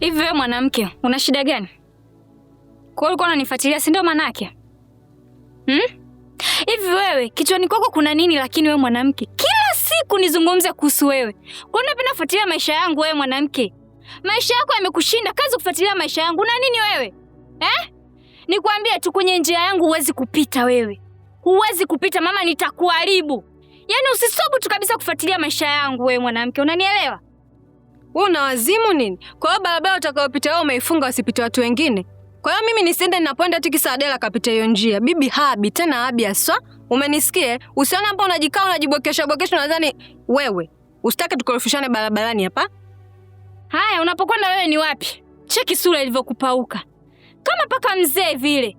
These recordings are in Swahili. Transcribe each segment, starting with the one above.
Hivi wewe mwanamke una shida gani? Kwa hiyo ulikuwa unanifuatilia, si ndio maana yake? Hmm? Hivi wewe kichwani kwako kuna nini lakini wewe mwanamke? Kila siku nizungumze kuhusu wewe. Kwa nini unapenda kufuatilia maisha yangu wewe mwanamke? Maisha yako yamekushinda kazi kufuatilia maisha yangu. Una nini wewe? Eh? Nikwambie tu kwenye njia yangu huwezi kupita wewe. Huwezi kupita mama, nitakuharibu. Yaani usisobu tu kabisa kufuatilia maisha yangu wewe mwanamke. Unanielewa? Wewe una wazimu nini? Kwa hiyo barabara utakayopita wewe umeifunga wasipite watu wengine. Kwa hiyo mimi nisiende ninapoenda tiki kisa Adela kapita hiyo njia. Bibi habi tena habi aswa. Umenisikie? Usione hapa unajikaa unajibokesha bokesha nadhani wewe. Usitake tukorofishane barabarani hapa. Haya, unapokwenda wewe ni wapi? Cheki sura ilivyokupauka. Kama paka mzee vile.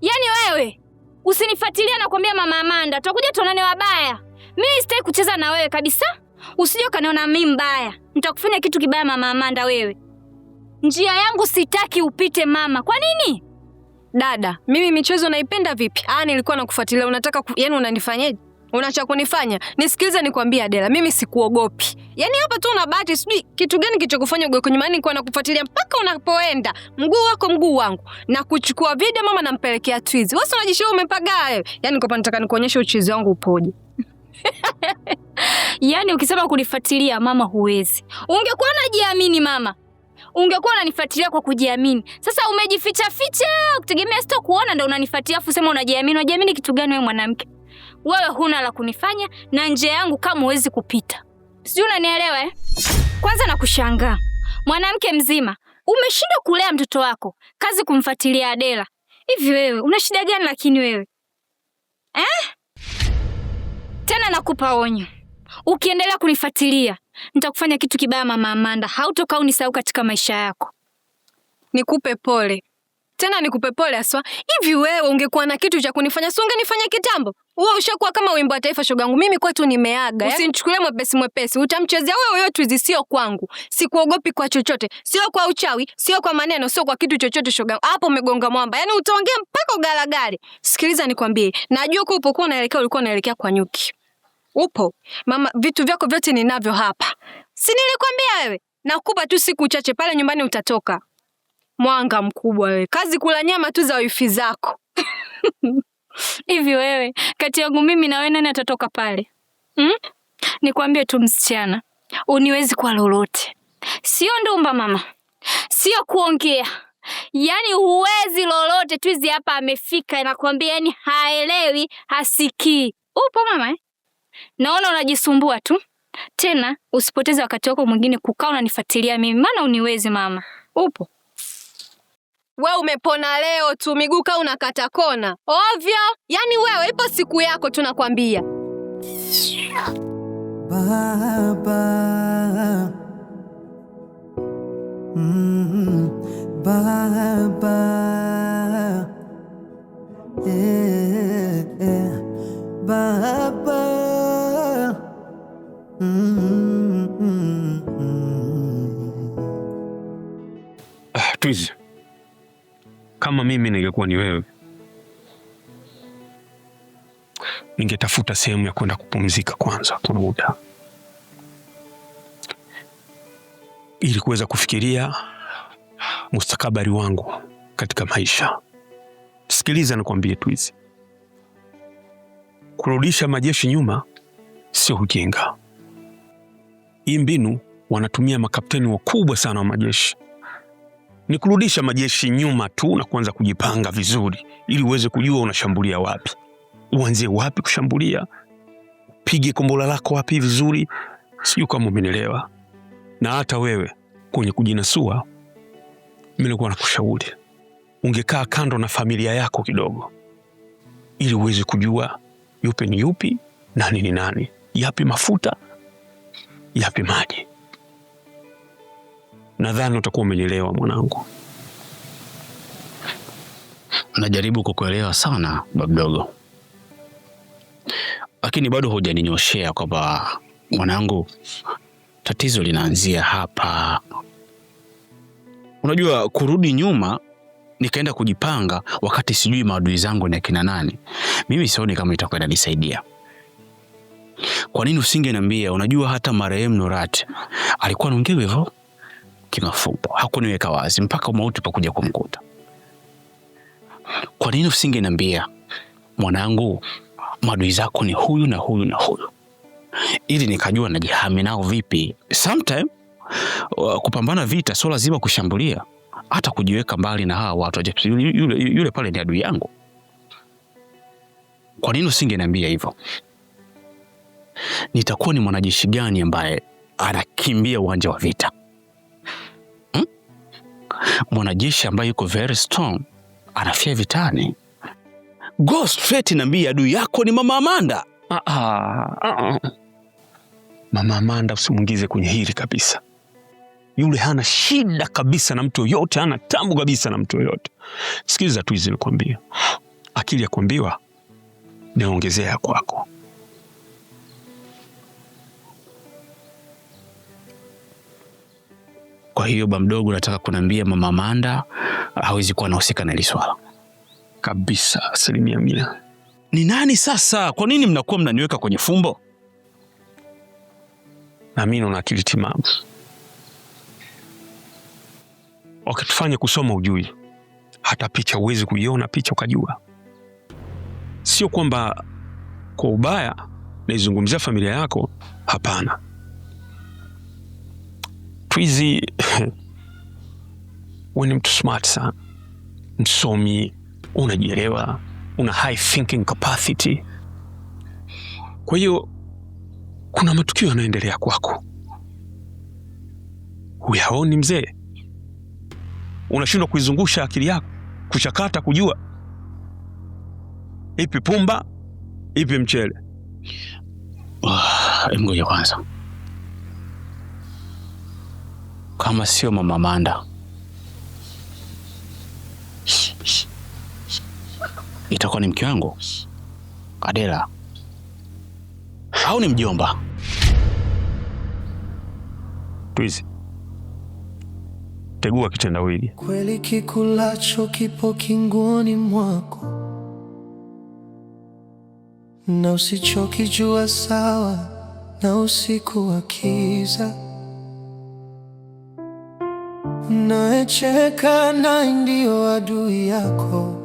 Yaani wewe usinifuatilie na kuambia Mama Amanda, tutakuja tuonane wabaya. Mimi sitaki kucheza na wewe kabisa usije ukaniona mimi mbaya, nitakufanya kitu kibaya mama Amanda wewe. Njia yangu sitaki upite mama. Kwa nini? Dada, mimi michezo naipenda vipi? Ah, nilikuwa nakufuatilia. Unataka ku... yani unanifanyaje? Unacha kunifanya? Nisikilize nikwambie Adela, mimi sikuogopi. Yaani hapa tu una bahati, sijui kitu gani kilichokufanya ugoe kwenye maana nilikuwa nakufuatilia mpaka unapoenda. Mguu wako mguu wangu. Na kuchukua video mama nampelekea Twizi. Wewe unajishia umepagaa wewe. Yaani kwa nataka nikuonyeshe uchizi wangu upoje. Yaani ukisema kunifuatilia mama, huwezi. Ungekuwa unajiamini mama, ungekuwa unanifuatilia kwa kujiamini. Sasa umejificha ficha ukitegemea sito kuona, ndo unanifuatilia afu sema unajiamini. Unajiamini kitu gani wewe mwanamke? Wewe huna la kunifanya na nje yangu kama huwezi kupita, sijui unanielewa eh? Kwanza nakushangaa mwanamke mzima, umeshindwa kulea mtoto wako, kazi kumfuatilia Adela. Hivi wewe una shida gani lakini wewe eh? Tena nakupa onyo Ukiendelea kunifuatilia nitakufanya kitu kibaya, mama Amanda, hautokaa unisahau katika maisha yako. Nikupe pole tena, nikupe pole aswa. Hivi wewe ungekuwa na kitu cha kunifanya, si ungenifanya kitambo? Wewe ushakuwa kama wimbo wa taifa, shogangu. Mimi kwetu nimeaga. Eh? Usinichukulie mwepesi mwepesi, utamchezea wewe yote hizi. Sio kwangu, sikuogopi kwa chochote, sio kwa uchawi, sio kwa maneno, sio kwa kitu chochote, shogangu. Hapo umegonga mwamba, yaani utaongea mpaka ugalagale. Sikiliza nikwambie, najua kwa upokuwa unaelekea, ulikuwa unaelekea kwa nyuki. Upo mama, vitu vyako vyote ninavyo hapa. Si nilikwambia wewe, nakupa tu siku chache, pale nyumbani utatoka mwanga mkubwa. Wewe kazi kula nyama tu za wifi zako hivi. Wewe kati yangu mimi na wewe, nani atatoka pale hmm? Nikwambie tu msichana, uniwezi kwa lolote, sio ndumba mama, sio kuongea Yaani huwezi lolote. Twizi hapa amefika, nakwambia, yani haelewi, hasikii. Upo mama eh? Naona unajisumbua tu. Tena usipoteze wakati wako mwingine kukaa unanifuatilia mimi, maana uniwezi mama. Upo we umepona leo tu, miguu kaa unakata kona ovyo. Yaani wewe ipo siku yako, tunakwambia baba. Mm, baba. Yeah, yeah. Eh. Baba Ah, Twizy, kama mimi ningekuwa ni wewe ningetafuta sehemu ya kwenda kupumzika kwanza kwa muda ili kuweza kufikiria mustakabali wangu katika maisha. Sikiliza nikwambie, Twizy Kurudisha majeshi nyuma sio ujinga. Hii mbinu wanatumia makapteni wakubwa sana wa majeshi, ni kurudisha majeshi nyuma tu na kuanza kujipanga vizuri, ili uweze kujua unashambulia wapi, uanzie wapi kushambulia, upige kombola lako wapi vizuri. Sijui kama umenielewa. Na hata wewe kwenye kujinasua, mimi nilikuwa nakushauri ungekaa kando na familia yako kidogo, ili uweze kujua yupi ni yupi, nani ni nani, yapi mafuta, yapi maji. Nadhani utakuwa umenyelewa mwanangu. Najaribu kukuelewa sana babdogo, lakini bado hujaninyoshea kwamba mwanangu, tatizo linaanzia hapa. Unajua, kurudi nyuma nikaenda kujipanga, wakati sijui maadui zangu ni akina nani. Mimi sioni kama itakwenda nisaidia Kwa nini usinge usingeniambia? Unajua, hata marehemu norat alikuwa anaongea hivyo kimafupa hakuniweka wazi mpaka mauti pakuja kumkuta. Kwa nini usinge usingeniambia, mwanangu, maadui zako ni huyu na huyu na huyu, ili nikajua najihami nao vipi? Sometime uh, kupambana vita sio lazima kushambulia hata kujiweka mbali na hawa watu yule, yule, yule pale ni adui yangu. Kwa nini usingeniambia hivyo? Nitakuwa ni mwanajeshi gani ambaye anakimbia uwanja wa vita hmm? Mwanajeshi ambaye yuko very strong anafia vitani. Go straight, niambie adui yako ni mama Amanda. Ah ah, ah, ah. Mama Amanda usimwingize kwenye hili kabisa yule hana shida kabisa na mtu yoyote, hana tabu kabisa na mtu yoyote. Sikiliza tu hizi nikwambia, akili ya kuambiwa naongezea ya kwako. Kwa hiyo ba mdogo, nataka kunaambia mama Manda hawezi kuwa anahusika na hili swala kabisa, asilimia mia. Ni nani sasa? Kwa nini mnakuwa mnaniweka kwenye fumbo? Naamini una akili timamu wakatufanya kusoma ujui, hata picha huwezi kuiona picha ukajua. Sio kwamba kwa ubaya naizungumzia familia yako, hapana. Twizi we ni mtu smart sana, msomi, unajielewa, una high thinking capacity. Kwa hiyo kuna matukio yanaendelea kwako, huyaoni mzee unashindwa kuizungusha akili yako kuchakata kujua ipi pumba ipi mchele. mgoja ah, kwanza, kama sio mama Manda itakuwa ni mke wangu Adela au ni mjomba Twizi? tegua kitendawili. Kweli kikulacho kipo kingoni mwako, na usichokijua sawa na usiku wa kiza. Naecheka na ndio adui yako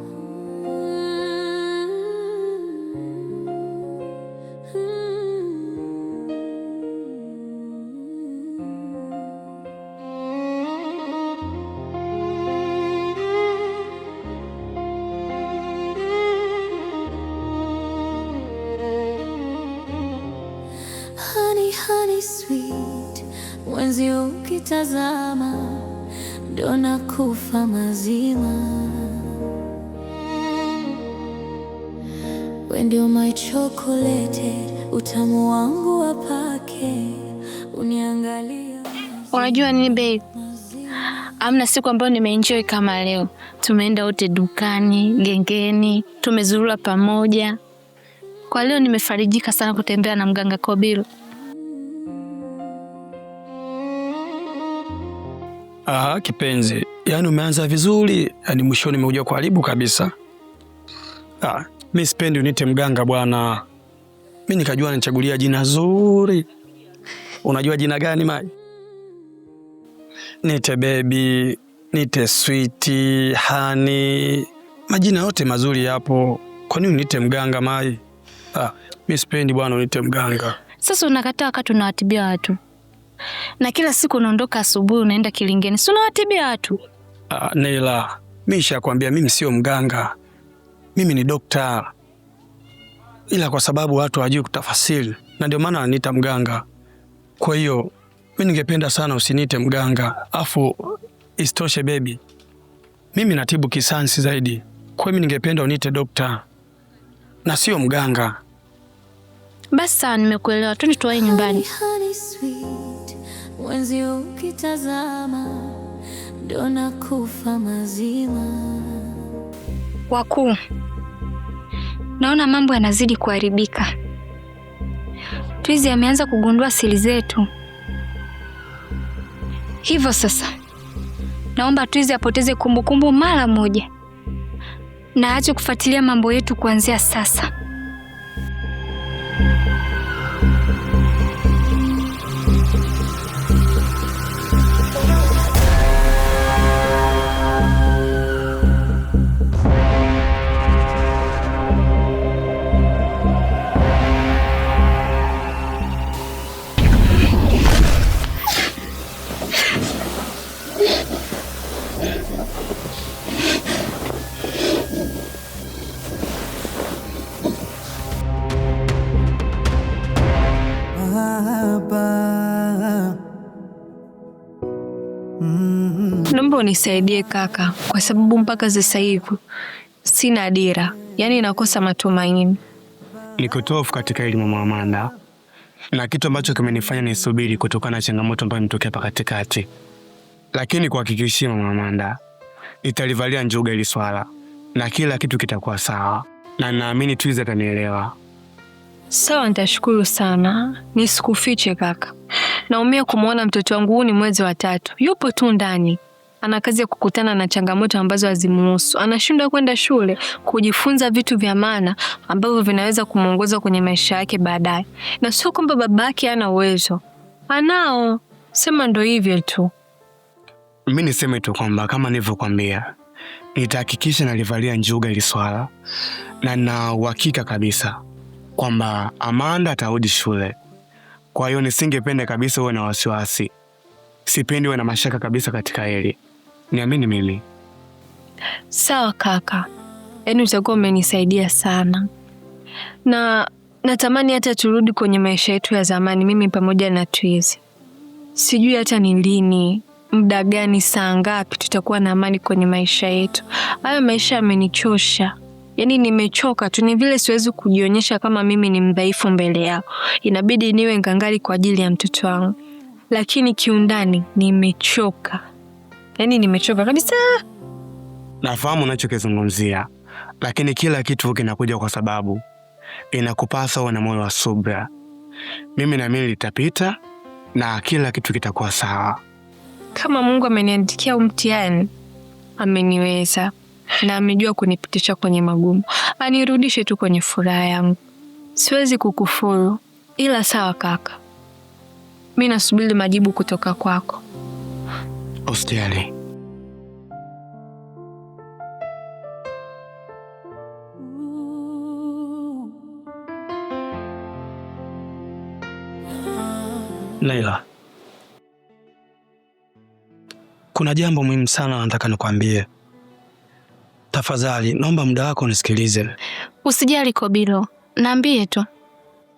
sweet, mwenzi ukitazama ndo nakufa mazima. We ndio my chocolate, utamu wangu wa pake, uniangalia. Unajua nini babe? Amna siku ambayo nimeenjoy kama leo. Tumeenda wote dukani, gengeni, tumezurura pamoja. Kwa leo nimefarijika sana kutembea na mganga Kobilo. Aha, kipenzi, yaani umeanza vizuri, yaani mwishoni umekuja kuharibu kabisa. Ah, mi sipendi unite mganga bwana, mi nikajua nichagulia jina zuri. Unajua jina gani Mai? Nite bebi, nite switi, hani, majina yote mazuri yapo. Kwa nini unite mganga Mai? Ah, mi sipendi bwana unite mganga. Sasa unakataa wakati unawatibia watu na kila siku unaondoka asubuhi unaenda Kilingeni, si unawatibia watu? Uh, Neila, mi shakwambia mimi sio mganga, mimi ni dokta, ila kwa sababu watu hawajui kutafasiri na ndio maana wananiita mganga. Kwa hiyo mi ningependa sana usiniite mganga, afu isitoshe bebi, mimi natibu kisansi zaidi. Kwa hiyo mi ningependa uniite dokta na sio mganga. Basi sawa, nimekuelewa, twende tuwai nyumbani. Wenzi ukitazama mazima. Wakuu, naona mambo yanazidi kuharibika. Twizi ameanza kugundua siri zetu. Hivyo sasa, naomba Twizi apoteze kumbukumbu mara moja na aache kufuatilia mambo yetu kuanzia sasa. unisaidie kaka, kwa sababu mpaka sasa hivi sina dira, yaani nakosa matumaini. Ni kutofu katika elimu Amanda, na kitu ambacho kimenifanya nisubiri kutokana na changamoto ambayo imetokea hapa katikati, lakini kuhakikishia Amanda, italivalia njuga ili swala na kila kitu kitakuwa sawa, na naamini Twiza atanielewa. Sawa, nitashukuru sana. Nisikufiche kaka, naumia kumwona mtoto wangu, huu ni mwezi wa tatu, yupo tu ndani ana kazi ya kukutana na changamoto ambazo hazimuhusu. Anashindwa kwenda shule kujifunza vitu vya maana ambavyo vinaweza kumwongoza kwenye maisha yake baadaye, na sio kwamba babake hana uwezo, anao, sema ndo hivyo tu. Mi niseme tu kwamba kama nilivyokwambia, nitahakikisha nalivalia njuga ili swala, na na uhakika kabisa kwamba Amanda atarudi shule. Kwa hiyo nisingependa kabisa uwe na wasiwasi, sipendi uwe na mashaka kabisa katika hili. Niamini mimi. Sawa kaka, yaani utakuwa umenisaidia sana, na natamani hata turudi kwenye maisha yetu ya zamani, mimi pamoja na Twizi. Sijui hata ni lini, muda gani, saa ngapi tutakuwa na amani kwenye maisha yetu. Haya maisha yamenichosha, yaani nimechoka tu, ni vile siwezi kujionyesha kama mimi ni mdhaifu mbele yao. Inabidi niwe ngangari kwa ajili ya mtoto wangu, lakini kiundani nimechoka yaani nimechoka kabisa. Nafahamu unachokizungumzia, lakini kila kitu kinakuja kwa sababu. Inakupasa uwe na moyo wa subra. Mimi naamini litapita na kila kitu kitakuwa sawa. Kama Mungu ameniandikia umtiani ameniweza na amejua kunipitisha kwenye magumu, anirudishe tu kwenye furaha yangu. Siwezi kukufuru, ila sawa kaka, mi nasubiri majibu kutoka kwako posteli. Leila, kuna jambo muhimu sana nataka nikwambie. Tafadhali naomba muda wako nisikilize Usijali Kobilo, naambie tu.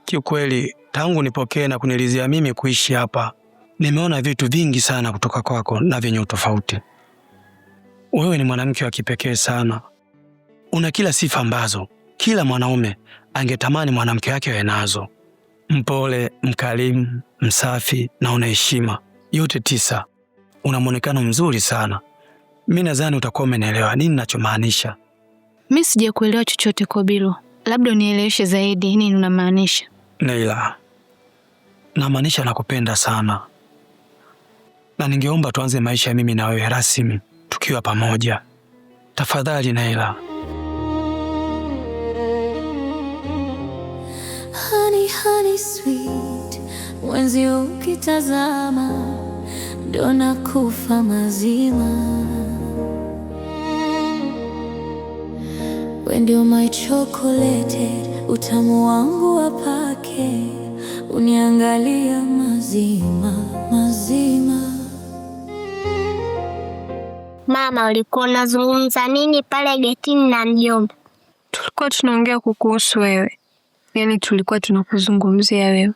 Kiukweli tangu nipokee na kunilizia mimi kuishi hapa Nimeona vitu vingi sana kutoka kwako na vyenye utofauti. Wewe ni mwanamke wa kipekee sana, una kila sifa ambazo kila mwanaume angetamani mwanamke wake awe nazo: mpole, mkarimu, msafi na una heshima, yote tisa. Una mwonekano mzuri sana. Mi nadhani utakuwa umenielewa nini nachomaanisha. Mi sijakuelewa chochote Kobilo, labda unieleweshe zaidi nini unamaanisha. Neila, namaanisha nakupenda sana na ningeomba tuanze maisha mimi na wewe rasmi tukiwa pamoja. Tafadhali Naila. honey, honey, sweet mwenzi ukitazama ndo nakufa mazima, we ndio my chocolate, utamu wangu wapake, uniangalia mazima mazima Mama, ulikuwa unazungumza nini pale getini na mjomba? Tulikuwa tunaongea kukuhusu wewe, yaani tulikuwa tunakuzungumzia wewe.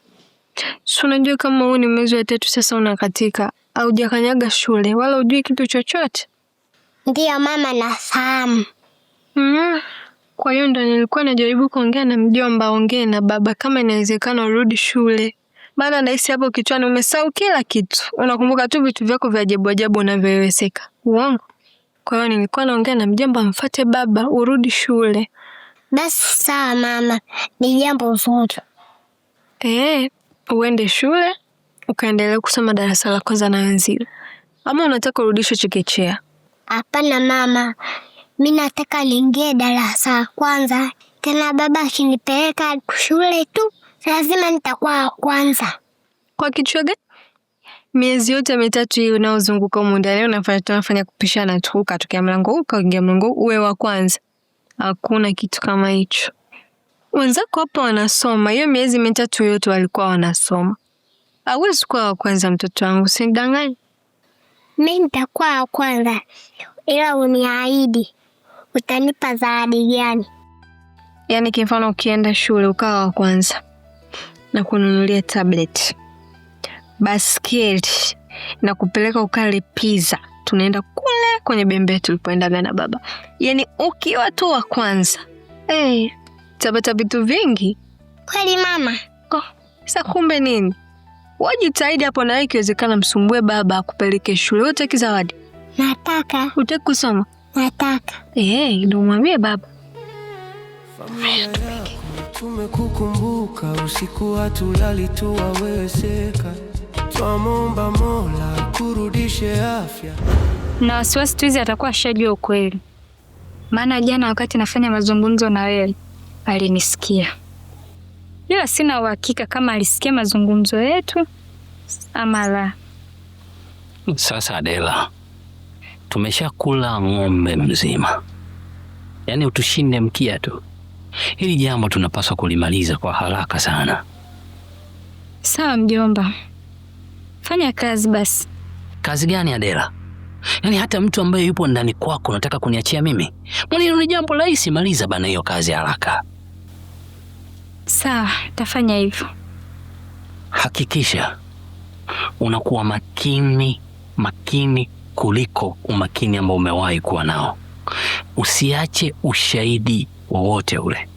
Si unajua kama huu ni mwezi wa tatu sasa unakatika, haujakanyaga shule wala ujui kitu chochote. Ndiyo mama, nafahamu. Mm. Kwa hiyo ndo nilikuwa najaribu kuongea na mjomba, ongee na baba kama inawezekana urudi shule maana nahisi hapo kichwani umesahau kila kitu, unakumbuka tu vitu vyako vya ajabu ajabu unavyowezeka. Uongo? Kwa hiyo nilikuwa naongea na mjomba, mfate baba urudi shule. Basi sawa mama, ni jambo zuri. Eh, uende shule ukaendelea kusoma darasa la kwanza na wenzio, ama unataka urudishwe chekechea? Hapana mama, mi nataka niingie darasa la kwanza, tena baba akinipeleka shule tu lazima nitakuwa wa kwanza. Kwa kichwa gani? Miezi yote mitatu hii unaozunguka humu ndani unafanya tunafanya kupishana tu, ukatokea mlango huu ukaingia mlango huu, uwe wa kwanza. Hakuna kitu kama hicho. Wenzako hapa wanasoma, hiyo miezi mitatu yote walikuwa wanasoma. Hawezi kuwa wa kwanza, mtoto wangu, sindangani. Mi nitakuwa wa kwanza, ila uniahidi utanipa zawadi gani? Yaani kimfano ukienda shule ukawa wa kwanza na kununulia tablet, baskeli na kupeleka ukale pizza, tunaenda kule kwenye bembe tulipoendaga na baba. yani ukiwa tu wa kwanza hey, eh, tapata vitu vingi kweli mama. Sa kumbe nini, wajitahidi hapo na ikiwezekana msumbue baba akupeleke shule. Wewe utaki zawadi? Nataka. Utaki kusoma? Nataka. Eh, ndio mwambie baba. Familia tumekukumbuka, usiku hatulali tuwawezeka, twamomba Mola kurudishe afya. Na wasiwasi tuizi atakuwa ashajua ukweli, maana jana wakati nafanya mazungumzo na wewe alinisikia, ila sina uhakika kama alisikia mazungumzo yetu ama la. Sasa Adela, tumeshakula ng'ombe mzima, yaani utushinde mkia tu. Hili jambo tunapaswa kulimaliza kwa haraka sana. Sawa mjomba, fanya kazi basi. Kazi gani Adela? Yaani hata mtu ambaye yupo ndani kwako unataka kuniachia mimi? Mbona ni jambo rahisi, maliza bana hiyo kazi haraka. Sawa, tafanya hivyo. Hakikisha unakuwa makini makini kuliko umakini ambao umewahi kuwa nao. Usiache ushahidi wowote ule.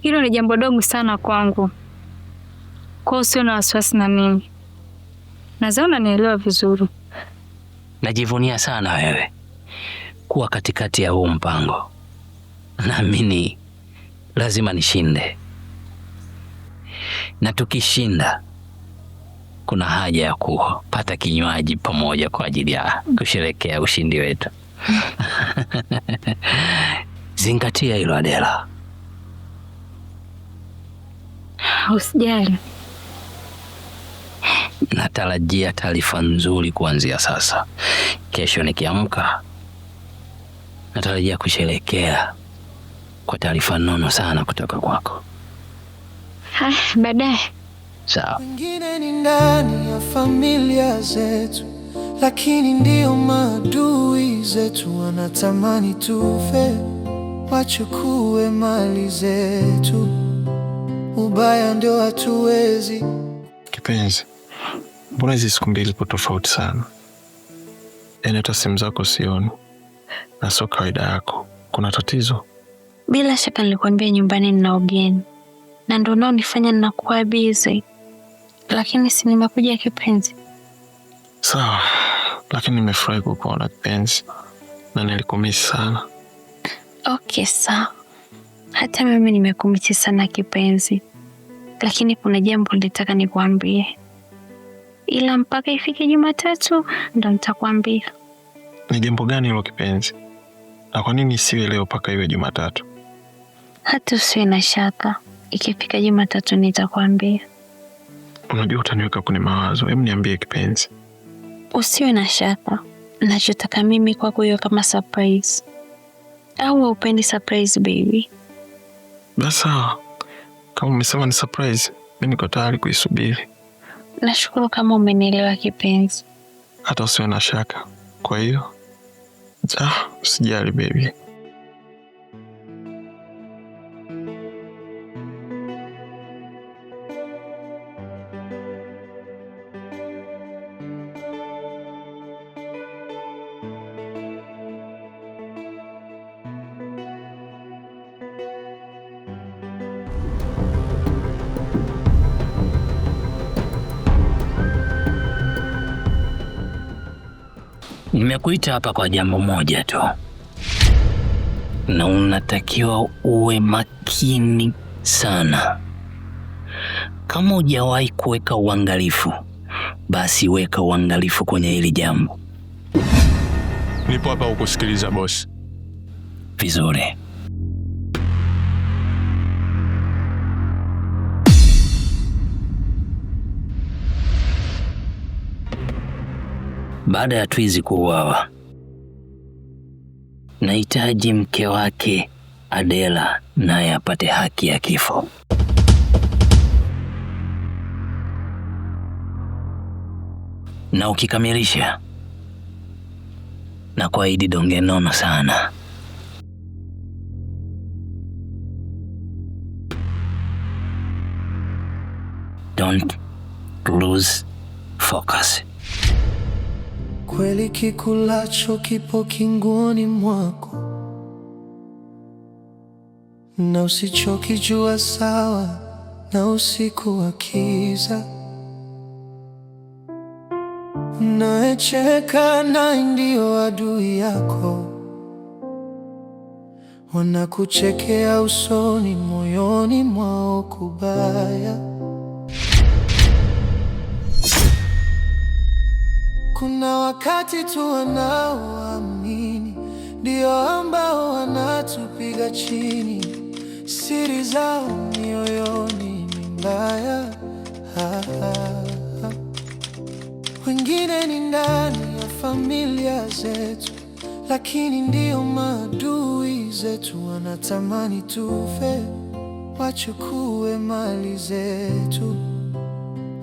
Hilo ni jambo dogo sana kwangu, kwa usio na wasiwasi na mimi nazao, unanielewa vizuri. Najivunia sana wewe kuwa katikati ya huu mpango. Naamini lazima nishinde, na tukishinda kuna haja ya kupata kinywaji pamoja kwa ajili ya kusherekea ushindi wetu. Zingatia hilo Adela. Usijali, natarajia taarifa nzuri kuanzia sasa. Kesho nikiamka, natarajia kusherekea kwa taarifa nono sana kutoka kwako. Haya, baadaye. Sawa. Wengine ni ndani ya familia zetu, lakini ndio maadui zetu, wanatamani tufe wachukue mali zetu, ubaya ndio hatuwezi. Kipenzi, mbona hizi siku mbili po tofauti sana? Yaani hata simu zako sioni, na sio kawaida yako. Kuna tatizo? Bila shaka nilikuambia nyumbani nina ugeni na ndo unaonifanya ninakuwa bize, lakini si nimekuja kipenzi. Sawa, lakini nimefurahi kukuona kipenzi, na nilikumisi sana. Okay, sawa. Hata mimi nimekumisi sana kipenzi, lakini kuna jambo nilitaka nikuambie ila mpaka ifike Jumatatu ndo nitakwambia. Ni jambo gani hilo kipenzi? Na kwa nini siwe leo mpaka iwe Jumatatu? Hata usiwe na shaka, ikifika Jumatatu nitakwambia. Unajua utaniweka kwenye mawazo. Hebu niambie kipenzi. Usiwe na shaka, nachotaka mimi kwako hiyo kama surprise au haupendi surprise baby? basa kama umesema ni surprise, mi niko tayari kuisubiri. Nashukuru kama umenielewa kipenzi. Hata usiwe na shaka. Kwa hiyo, ja, usijali baby. Nimekuita hapa kwa jambo moja tu, na unatakiwa uwe makini sana. Kama hujawahi kuweka uangalifu, basi weka uangalifu kwenye hili jambo. Nipo hapa ukusikiliza bosi. Vizuri. baada ya Twizi kuuawa. Nahitaji mke wake Adela naye apate haki ya kifo. Na ukikamilisha na kuahidi donge nono sana. Don't lose focus kweli kikulacho kipo kingoni mwako, na usichokijua sawa na usiku wa kiza. Naecheka na ndio adui yako, wanakuchekea usoni, moyoni mwao kubaya Kuna wakati tu wanaoamini ndio ambao wanatupiga chini, siri zao mioyoni ni mbaya. Wengine ni ndani ya familia zetu, lakini ndio maadui zetu, wanatamani tufe, wachukue mali zetu.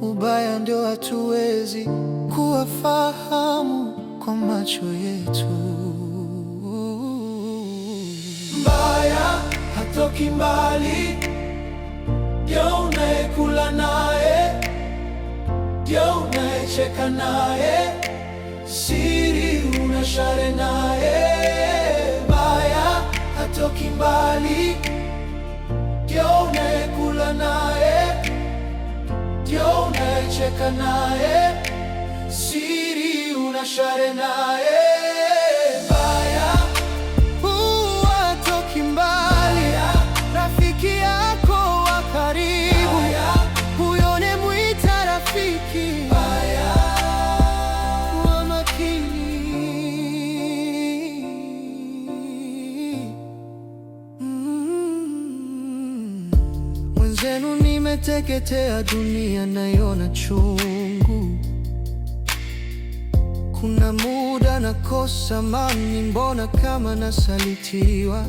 Ubaya ndio hatuwezi kuwafahamu kwa macho yetu. Mbaya hatoki mbali, ndio unayekula naye, ndio unayecheka naye, siri unashare naye. Mbaya hatoki mbali, ndio unayekula naye, ndio unayecheka naye siri una naye rafiki yako wa karibu, rafiki mm-hmm. Mwenzenu nimeteketea, dunia naiona chungu kuna muda nakosa amani, mbona kama nasalitiwa.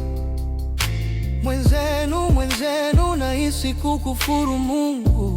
Mwenzenu mwenzenu, nahisi kukufuru Mungu